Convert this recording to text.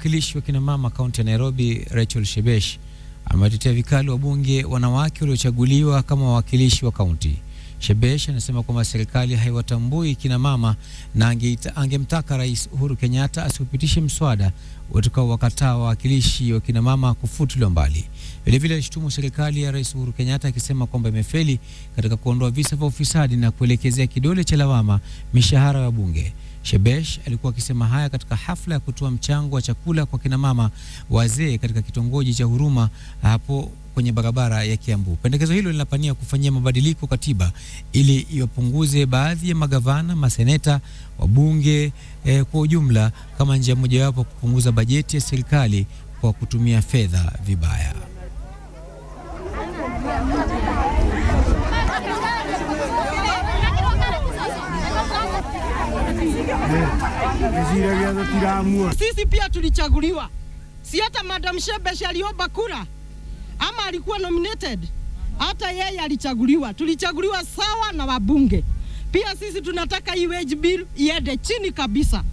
mwakilishi wa kinamama kaunti ya Nairobi Rachel Shebesh amewatetea vikali wabunge wanawake waliochaguliwa kama wawakilishi wa kaunti. Shebesh anasema kwamba serikali haiwatambui kinamama na angemtaka Rais Uhuru Kenyatta asiupitishe mswada wakataa wawakilishi wa kinamama kufutiliwa mbali. Vilevile alishutumu serikali ya Rais Uhuru Kenyatta akisema kwamba imefeli katika kuondoa visa vya ufisadi na kuelekezea kidole cha lawama mishahara ya bunge Shebesh alikuwa akisema haya katika hafla ya kutoa mchango wa chakula kwa kinamama wazee katika kitongoji cha Huruma hapo kwenye barabara ya Kiambu. Pendekezo hilo linapania kufanyia mabadiliko katiba ili iwapunguze baadhi ya magavana, maseneta, wabunge eh, kwa ujumla kama njia mojawapo kupunguza bajeti ya serikali kwa kutumia fedha vibaya. Sisi pia tulichaguliwa, si hata Madam Shebesh aliomba kura ama alikuwa nominated, hata yeye alichaguliwa. Tulichaguliwa sawa na wabunge. Pia sisi tunataka hii wage bill iende chini kabisa.